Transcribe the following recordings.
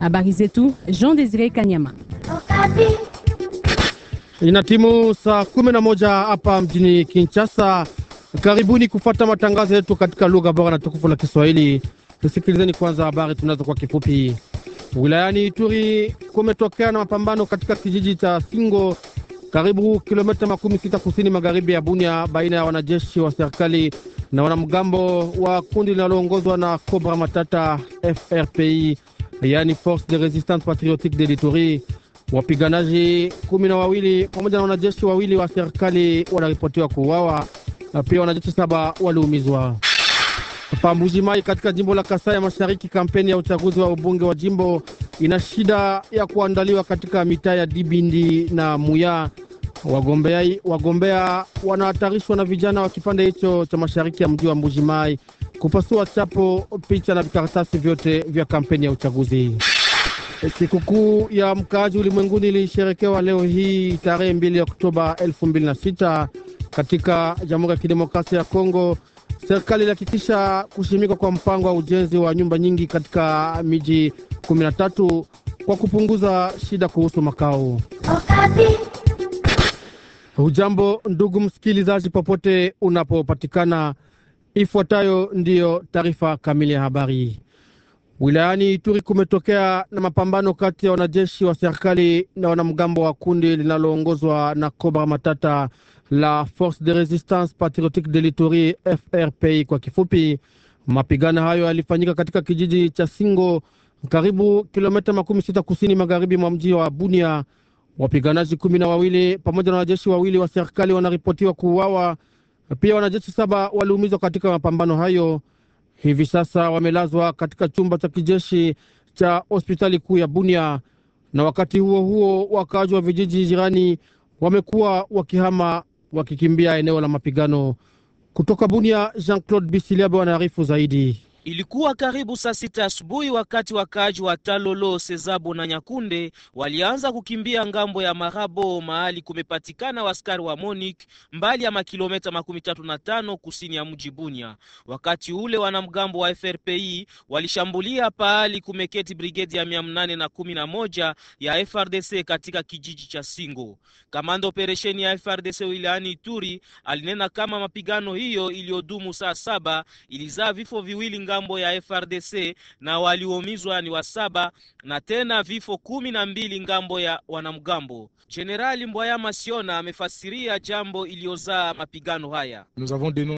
Habari zetu Jean Desire Kanyama. Ina timu saa kumi na moja hapa mjini Kinshasa. Karibuni kufata matangazo yetu katika lugha bora na tukufu la Kiswahili. Tusikilizeni kwanza habari tunazo kwa kifupi. Wilayani Ituri kumetokea na mapambano katika kijiji cha Singo karibu kilomita makumi sita kusini magharibi ya Bunia baina ya wanajeshi wa serikali na wanamgambo wa kundi linaloongozwa na Kobra Matata FRPI yaani Force de Resistance Patriotique de Lituri. Wapiganaji kumi na wawili pamoja na wanajeshi wawili wa serikali wanaripotiwa kuuawa na pia wanajeshi saba waliumizwa. Pambuji Mai katika jimbo la Kasai ya Mashariki, kampeni ya uchaguzi wa ubunge wa jimbo ina shida ya kuandaliwa katika mitaa ya Dibindi na Muya Wagombea, wagombea wanahatarishwa na vijana wa kipande hicho cha mashariki ya mji wa Mbujimai kupasua chapo, picha na vikaratasi vyote vya kampeni ya uchaguzi. Sikukuu ya mkaaji ulimwenguni ilisherekewa leo hii tarehe 2 Oktoba 2006 katika Jamhuri ya Kidemokrasia ya Kongo. Serikali ilihakikisha kushimika kwa mpango wa ujenzi wa nyumba nyingi katika miji 13 kwa kupunguza shida kuhusu makao Okay. Hujambo ndugu msikilizaji, popote unapopatikana, ifuatayo ndiyo taarifa kamili ya habari. Wilayani Ituri kumetokea na mapambano kati ya wanajeshi wa serikali na wanamgambo wa kundi linaloongozwa na kobra Matata la Force de Resistance Patriotique de l'Ituri, FRPI kwa kifupi. Mapigano hayo yalifanyika katika kijiji cha Singo, karibu kilomita makumi sita kusini magharibi mwa mji wa Bunia. Wapiganaji kumi na wawili pamoja na wanajeshi wawili wa serikali wanaripotiwa kuuawa. Pia wanajeshi saba waliumizwa katika mapambano hayo. Hivi sasa wamelazwa katika chumba cha kijeshi cha hospitali kuu ya Bunia. Na wakati huo huo, wakaaji wa vijiji jirani wamekuwa wakihama wakikimbia eneo la mapigano. Kutoka Bunia, Jean Claude Bisiliabe wanaarifu zaidi. Ilikuwa karibu saa sita asubuhi wakati wakaaji wa Talolo, Sezabo na Nyakunde walianza kukimbia ngambo ya Marabo, mahali kumepatikana waskari wa Monik mbali ya makilometa makumi tatu na tano kusini ya mji Bunia. Wakati ule wanamgambo wa FRPI walishambulia pahali kumeketi brigedi ya mia na kumi na moja ya FRDC katika kijiji cha Singo. Kamanda operesheni ya FRDC wilayani Ituri alinena kama mapigano hiyo iliyodumu saa saba ilizaa vifo viwili ngambo ya FRDC na waliomizwa ni wasaba na tena vifo kumi na mbili ngambo ya wanamgambo. Jenerali Mbwayama Masiona amefasiria jambo iliyozaa mapigano haya.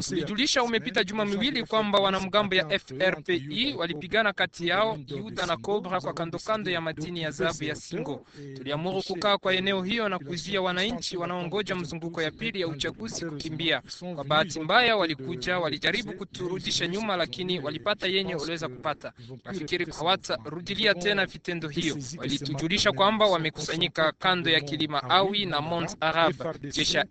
Tulijulisha umepita juma miwili kwamba wanamgambo ya FRPI walipigana kati yao Yuda na Cobra kwa kandokando ya madini ya dhahabu ya Singo. Tuliamuru kukaa kwa eneo hiyo na kuzuia wananchi wanaongoja mzunguko ya pili ya uchaguzi kukimbia. Kwa bahati mbaya, walikuja walijaribu kuturudisha nyuma, lakini wali walipata yenye waliweza kupata. Nafikiri hawatarudilia tena vitendo hiyo. Walitujulisha kwamba wamekusanyika kando ya kilima Awi na Mont Arab. Jeshi ya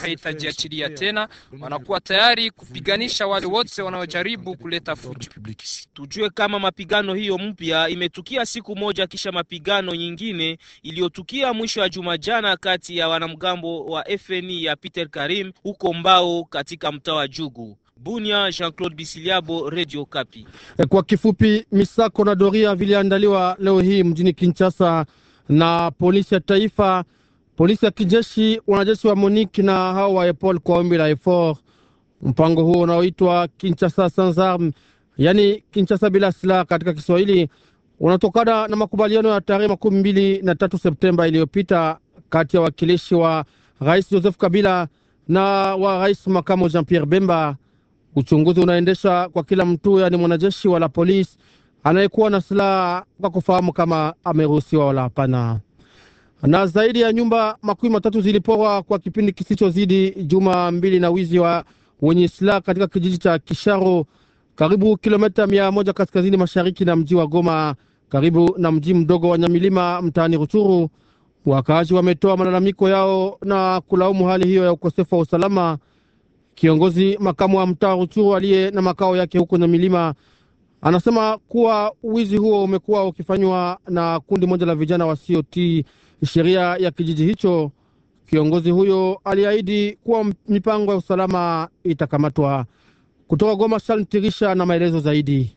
haitajiachilia tena, wanakuwa tayari kupiganisha wale wote wanaojaribu kuleta fujo. Tujue kama mapigano hiyo mpya imetukia siku moja kisha mapigano nyingine iliyotukia mwisho ya juma jana kati ya wanamgambo wa FNI ya Peter Karim huko Mbao katika mtaa wa Jugu. Bunia, Jean-Claude Bisiliabo, Radio Kapi. Eh, kwa kifupi, misako na doria viliandaliwa leo hii mjini Kinshasa na polisi ya taifa, polisi ya kijeshi, wanajeshi wa MONUC na hao wa EPOL kwa ombi la EFOR. Mpango huo unaoitwa Kinshasa sans arme, yaani Kinshasa bila silaha katika Kiswahili, unatokana na makubaliano ya tarehe makumi mbili na tatu Septemba iliyopita kati ya wakilishi wa rais Joseph Kabila na wa rais makamu Jean Pierre Bemba. Uchunguzi unaendesha kwa kila mtu ni mwanajeshi wala polisi anayekuwa na silaha kwa kufahamu kama ameruhusiwa wala hapana. Na zaidi ya nyumba makumi matatu ziliporwa kwa kipindi kisichozidi juma mbili na wizi wa wenye silaha katika kijiji cha Kisharo, karibu kilomita mia moja kaskazini mashariki na mji wa Goma, karibu na mji mdogo wa Nyamilima mtaani Ruchuru. Wakaaji wametoa malalamiko yao na kulaumu hali hiyo ya ukosefu wa usalama. Kiongozi makamu wa mtaa Ruchuru aliye na makao yake huko na milima anasema kuwa wizi huo umekuwa ukifanywa na kundi moja la vijana wasiotii sheria ya kijiji hicho. Kiongozi huyo aliahidi kuwa mipango ya usalama itakamatwa. Kutoka Goma, Shalmtirisha na maelezo zaidi.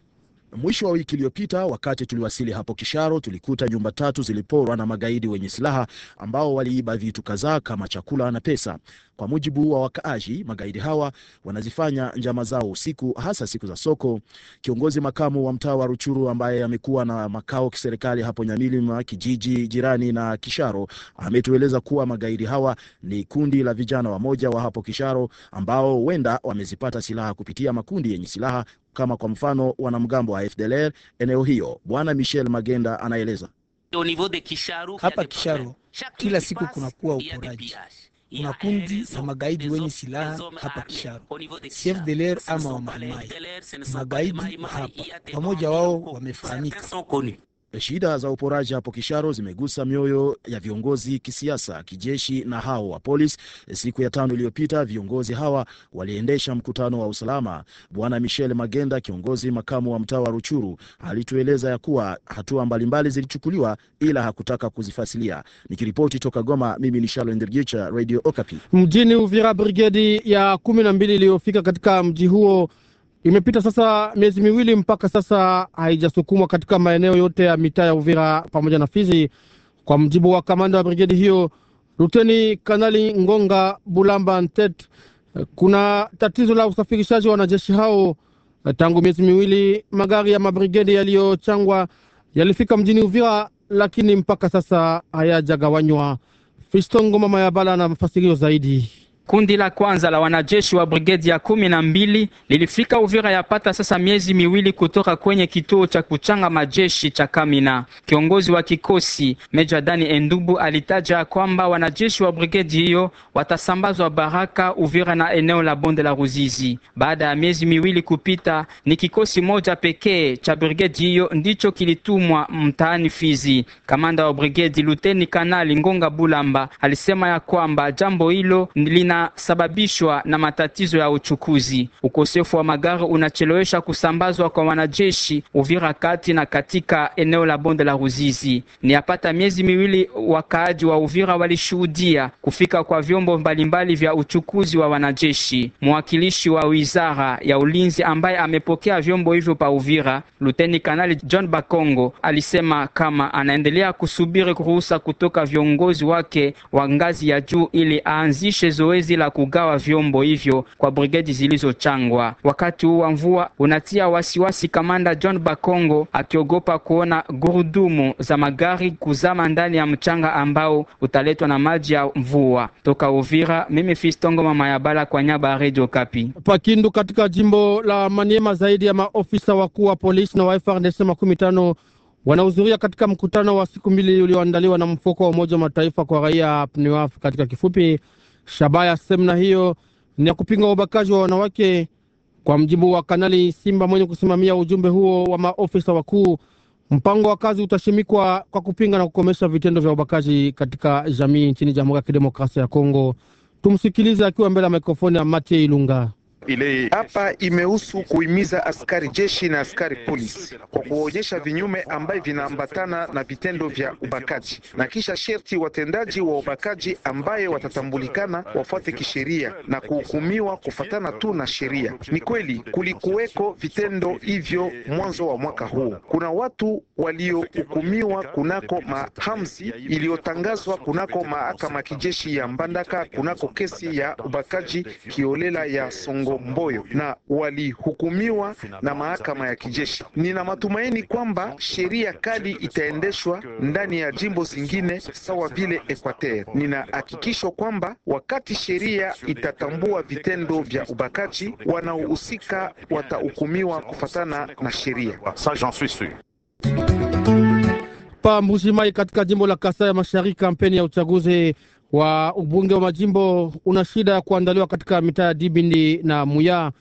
Mwisho wa wiki iliyopita, wakati tuliwasili hapo Kisharo, tulikuta nyumba tatu ziliporwa na magaidi wenye silaha ambao waliiba vitu kadhaa kama chakula na pesa. Kwa mujibu wa wakaaji, magaidi hawa wanazifanya njama zao usiku, hasa siku za soko. Kiongozi makamu wa mtaa wa Ruchuru ambaye amekuwa na makao kiserikali hapo Nyamilima, kijiji jirani na Kisharo, ametueleza kuwa magaidi hawa ni kundi la vijana wamoja wa hapo Kisharo ambao huenda wamezipata silaha kupitia makundi yenye silaha kama kwa mfano wanamgambo wa FDLR eneo hiyo. Bwana Michel Magenda anaeleza. Hapa kisharo kila siku kunakuwa uporaji kuna kundi za magaidi wenye silaha hapa kisharo si ama wa Maimai. Magaidi hapa pamoja wao wamefahamika. Shida za uporaji hapo Kisharo zimegusa mioyo ya viongozi kisiasa, kijeshi na hao wa polisi. Siku ya tano iliyopita, viongozi hawa waliendesha mkutano wa usalama. Bwana Michel Magenda, kiongozi makamu wa mtaa wa Ruchuru, alitueleza ya kuwa hatua mbalimbali zilichukuliwa ila hakutaka kuzifasilia. Nikiripoti toka Goma, mimi ni Charles Ndergicha, Radio Okapi. Mjini Uvira, brigedi ya kumi na mbili iliyofika katika mji huo Imepita sasa miezi miwili mpaka sasa haijasukumwa katika maeneo yote ya mitaa ya Uvira pamoja na Fizi. Kwa mjibu wa kamanda wa brigedi hiyo Luteni Kanali Ngonga Bulamba Ntet, kuna tatizo la usafirishaji wa wanajeshi hao. Tangu miezi miwili magari ya mabrigedi yaliyochangwa yalifika mjini Uvira, lakini mpaka sasa hayajagawanywa. Fistongo mama ya Bala na mafasirio zaidi. Kundi la kwanza la wanajeshi wa brigedi ya kumi na mbili lilifika Uvira yapata sasa miezi miwili kutoka kwenye kituo cha kuchanga majeshi cha Kamina. Kiongozi wa kikosi Meja Dani Endubu alitaja kwamba wanajeshi wa brigedi hiyo watasambazwa Baraka, Uvira na eneo la bonde la Ruzizi. Baada ya miezi miwili kupita, ni kikosi moja pekee cha brigedi hiyo ndicho kilitumwa mtaani Fizi. Kamanda wa brigedi Luteni Kanali Ngonga Bulamba alisema ya kwamba jambo hilo lina zinasababishwa na matatizo ya uchukuzi. Ukosefu wa magari unachelewesha kusambazwa kwa wanajeshi Uvira kati na katika eneo la bonde la Ruzizi. Ni yapata miezi miwili, wakaaji wa Uvira walishuhudia kufika kwa vyombo mbalimbali vya uchukuzi wa wanajeshi. Mwakilishi wa wizara ya ulinzi ambaye amepokea vyombo hivyo pa Uvira, Luteni Kanali John Bakongo alisema kama anaendelea kusubiri kuruhusa kutoka viongozi wake wa ngazi ya juu ili aanzishe zoezi zoezi la kugawa vyombo hivyo kwa brigedi zilizochangwa. Wakati huu wa mvua unatia wasiwasi wasi, kamanda John Bakongo akiogopa kuona gurudumu za magari kuzama ndani ya mchanga ambao utaletwa na maji ya mvua. Toka Uvira, mimi Fistongo mama ya bala kwa nyaba ya Radio Kapi. Pakindu katika jimbo la Maniema, zaidi ya maofisa wakuu wa polisi na wa FARDC makumi tano wanahudhuria katika mkutano wa siku mbili ulioandaliwa na mfuko wa Umoja wa Mataifa kwa raia PNUAF katika kifupi Shabaha ya semina hiyo ni ya kupinga ubakaji wa wanawake. Kwa mjibu wa Kanali Simba mwenye kusimamia ujumbe huo wa maofisa wakuu, mpango wa kazi utashimikwa kwa kupinga na kukomesha vitendo vya ubakaji katika jamii nchini Jamhuri ya Kidemokrasia ya Kongo. Tumsikilize akiwa mbele ya mikrofoni ya Matie Ilunga hapa imehusu kuhimiza askari jeshi na askari polisi kwa kuonyesha vinyume ambaye vinaambatana na vitendo vya ubakaji, na kisha sherti watendaji wa ubakaji ambaye watatambulikana wafuate kisheria na kuhukumiwa kufatana tu na sheria. Ni kweli kulikuweko vitendo hivyo mwanzo wa mwaka huu. Kuna watu waliohukumiwa kunako mahamzi iliyotangazwa kunako mahakama kijeshi ya Mbandaka kunako kesi ya ubakaji kiolela ya Songo Mboyo na walihukumiwa na mahakama ya kijeshi. Nina matumaini kwamba sheria kali itaendeshwa ndani ya jimbo zingine sawa vile Equateur. Ninahakikishwa kwamba wakati sheria itatambua vitendo vya ubakaji, wanaohusika watahukumiwa kufatana na sheria. Pambuzimai katika jimbo la Kasai ya Mashariki, kampeni ya uchaguzi wa ubunge wa majimbo una shida ya kuandaliwa katika mitaa ya Dibindi na Muya.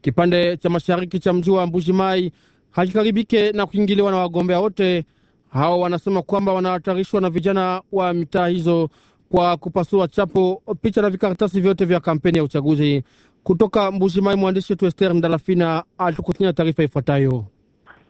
Kipande cha mashariki cha mji wa Mbujimai hakikaribike na kuingiliwa na wagombea wote hao. Wanasema kwamba wanahatarishwa na vijana wa mitaa hizo kwa kupasua chapo picha na vikaratasi vyote vya kampeni ya uchaguzi. Kutoka Mbujimai, mwandishi wetu Ester Mdalafina alitukusanya taarifa ifuatayo.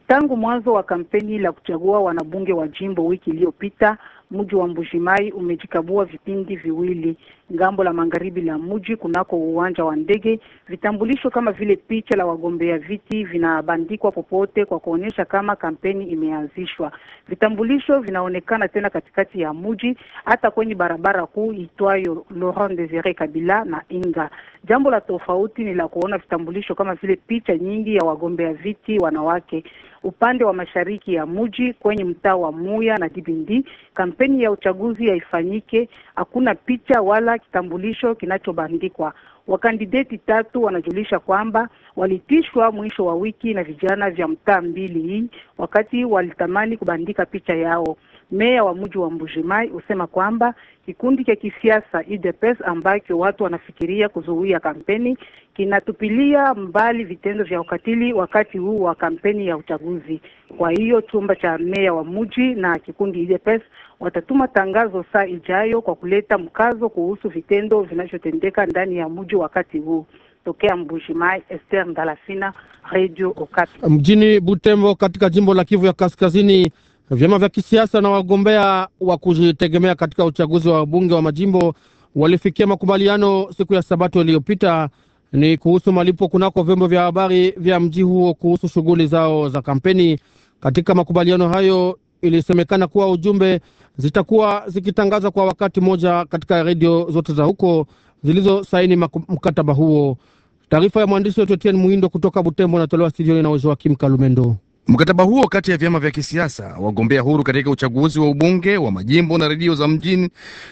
Tangu mwanzo wa kampeni la kuchagua wanabunge wa jimbo wiki iliyopita mji wa Mbujimai umejikabua vipindi viwili ngambo la magharibi la mji kunako uwanja wa ndege. Vitambulisho kama vile picha la wagombea viti vinabandikwa popote kwa kuonyesha kama kampeni imeanzishwa. Vitambulisho vinaonekana tena katikati ya mji, hata kwenye barabara kuu itwayo Laurent Desire Kabila na Inga. Jambo la tofauti ni la kuona vitambulisho kama vile picha nyingi ya wagombea viti wanawake. Upande wa mashariki ya mji kwenye mtaa wa Muya na Dibindi, kampeni ya uchaguzi haifanyike, hakuna picha wala kitambulisho kinachobandikwa. Wakandideti tatu wanajulisha kwamba walitishwa mwisho wa wiki na vijana vya mtaa mbili hii wakati walitamani kubandika picha yao meya wa mji wa Mbujimai husema kwamba kikundi cha kisiasa UDPS ambacho watu wanafikiria kuzuia kampeni kinatupilia mbali vitendo vya ukatili wakati huu wa kampeni ya uchaguzi. Kwa hiyo chumba cha meya wa mji na kikundi UDPS watatuma tangazo saa ijayo kwa kuleta mkazo kuhusu vitendo vinavyotendeka ndani ya mji wakati huu. Tokea mbujimai Esther Ndalafina, Radio Okapi, mjini Butembo katika jimbo la Kivu ya Kaskazini. Vyama vya kisiasa na wagombea wa kujitegemea katika uchaguzi wa bunge wa majimbo walifikia makubaliano siku ya Sabato iliyopita ni kuhusu malipo kunako vyombo vya habari vya mji huo kuhusu shughuli zao za kampeni. Katika makubaliano hayo, ilisemekana kuwa ujumbe zitakuwa zikitangaza kwa wakati mmoja katika redio zote za huko zilizosaini mkataba huo. Taarifa ya mwandishi wetu Etienne Muindo kutoka Butembo, natolewa studioni na Joakim Kalumendo. Mkataba huo kati ya vyama vya kisiasa wagombea huru katika uchaguzi wa ubunge wa majimbo na redio za mjini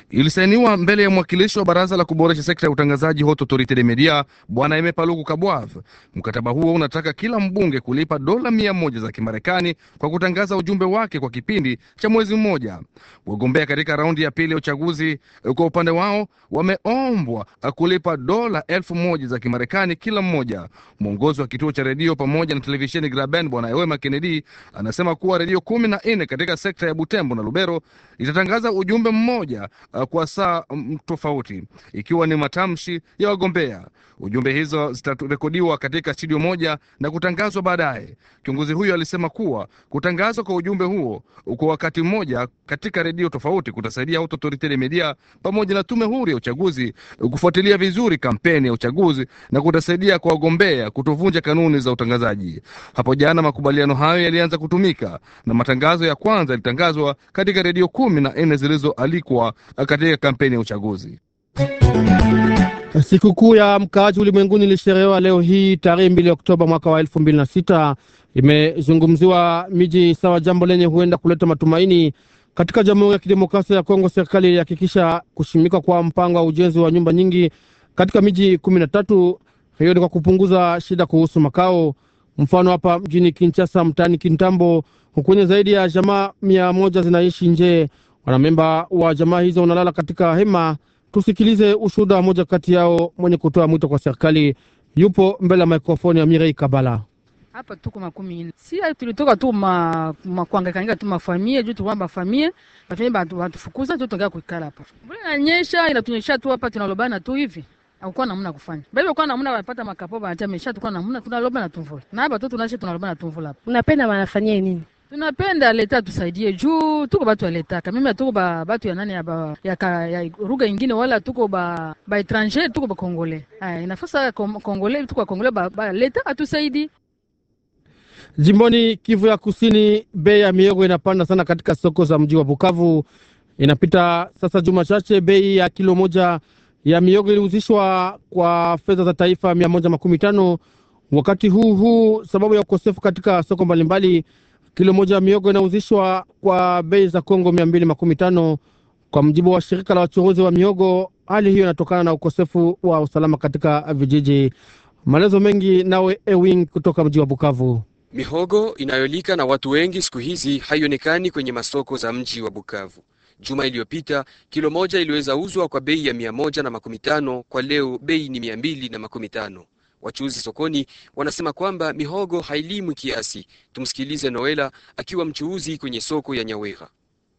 ilisainiwa mbele ya mwakilishi wa baraza la kuboresha sekta ya utangazaji Haute Autorite Media Bwana Eme Paluku Kabwave. Mkataba huo unataka kila mbunge kulipa dola mia moja za Kimarekani kwa kutangaza ujumbe wake kwa kipindi cha mwezi mmoja. Wagombea katika raundi ya pili ya uchaguzi eh, kwa upande wao wameombwa eh, kulipa dola elfu moja za Kimarekani kila mmoja. Mwongozi wa kituo cha redio pamoja na televisheni Graben Bwana Ewema Kennedy anasema kuwa redio kumi na nne katika sekta ya Butembo na Lubero itatangaza ujumbe mmoja uh, kwa saa um, tofauti, ikiwa ni matamshi ya wagombea. Ujumbe hizo zitarekodiwa katika studio moja na kutangazwa baadaye. Kiongozi huyo alisema kuwa kutangazwa kwa ujumbe huo kwa wakati mmoja katika redio tofauti kutasaidia Haute Autorite Media pamoja na tume huru ya uchaguzi kufuatilia vizuri kampeni ya uchaguzi na kutasaidia kwa wagombea kutovunja kanuni za utangazaji. Hapo jana makubaliano hayo yalianza kutumika na matangazo ya kwanza yalitangazwa katika redio kumi na nne zilizoalikwa katika kampeni ya uchaguzi. Sikukuu ya mkaaji ulimwenguni ilisherehewa leo hii tarehe mbili Oktoba mwaka wa elfu mbili na sita. Imezungumziwa miji sawa, jambo lenye huenda kuleta matumaini katika Jamhuri ya Kidemokrasia ya Kongo. Serikali ilihakikisha kushimika kwa mpango wa ujenzi wa nyumba nyingi katika miji kumi na tatu. Hiyo ni kwa kupunguza shida kuhusu makao. Mfano hapa mjini Kinshasa, mtaani Kintambo, kwenye zaidi ya jamaa mia moja zinaishi nje. Wanamemba wa jamaa hizo wanalala katika hema. Tusikilize ushuhuda mmoja kati yao mwenye kutoa mwito kwa serikali. Yupo mbele ya mikrofoni ya Mirei Kabala. Hapa tuko makumi ine si tulitoka tu ma, makuangakanika tu mafamie juu tuwa mafamie batu watufukuza tu tongea kuikala hapa, mbona inanyesha inatunyesha tu hapa tunalobana tu hivi Hakuna namna kufanya. Bebe kwa namna wanapata makapoba hata mesha tukua namna tunaloba na tumvula. Na hapa tu tunaishi tunaloba na tumvula. Unapenda wanafanyia nini? Tunapenda leta tusaidie juu tuko batu aletaka. Mimi tuko ba batu ya nani ya ba, ya, ka, ya ruga ingine wala tuko ba ba étranger tuko ba kongole. Ah, inafasa kongole tuko ba kongole ba, ba leta atusaidi. Jimboni Kivu ya Kusini, bei ya miogo inapanda sana katika soko za mji wa Bukavu. Inapita sasa juma chache bei ya kilo moja ya miogo ilihuzishwa kwa fedha za taifa mia moja makumi tano wakati huu huu sababu ya ukosefu katika soko mbalimbali. Kilo moja ya miogo inauzishwa kwa bei za Kongo mia mbili makumi tano kwa mjibu wa shirika la wachuruzi wa miogo. Hali hiyo inatokana na ukosefu wa usalama katika vijiji. Maelezo mengi nawe Ewing kutoka mji wa Bukavu. Mihogo inayolika na watu wengi siku hizi haionekani kwenye masoko za mji wa Bukavu. Juma iliyopita kilo moja iliweza uzwa kwa bei ya mia moja na makumi tano kwa leo bei ni mia mbili na makumi tano. Wachuuzi sokoni wanasema kwamba mihogo hailimwi kiasi. Tumsikilize Noela akiwa mchuuzi kwenye soko ya Nyawera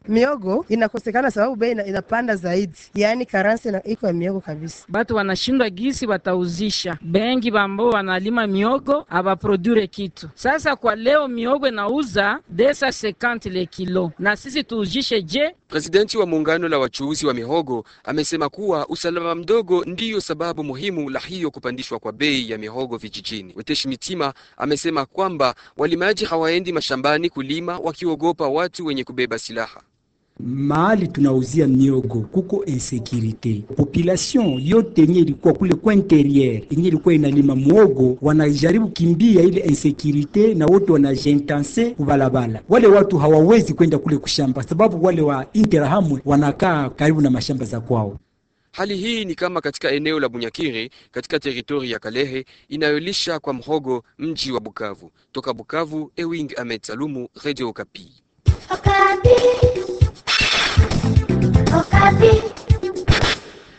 miogo inakosekana sababu bei inapanda zaidi, yaani karansi iko ya miogo kabisa. Batu wanashindwa gisi watauzisha, bengi bambo wanalima miogo abaprodure kitu. Sasa kwa leo miogo inauza desa sekanti le kilo, na sisi tuuzishe je? Presidenti wa muungano la wachuuzi wa mihogo amesema kuwa usalama mdogo ndiyo sababu muhimu la hiyo kupandishwa kwa bei ya mihogo vijijini. Weteshi Mitima amesema kwamba walimaji hawaendi mashambani kulima wakiogopa watu wenye kubeba silaha mahali tunauzia miogo kuko insekirite. Population yote yenye ilikuwa kule kwa interiere yenye ilikuwa inalima mwogo wanajaribu kimbia ile insekirite, na wote wanajentanse kubalabala. Wale watu hawawezi kwenda kule kushamba, sababu wale wa Interahamwe wanakaa karibu na mashamba za kwao. Hali hii ni kama katika eneo la Bunyakiri katika teritori ya Kalehe inayolisha kwa mhogo mji wa Bukavu. Toka Bukavu, Ewing Ahmed Salumu, Radio Okapi. Okapi. nunca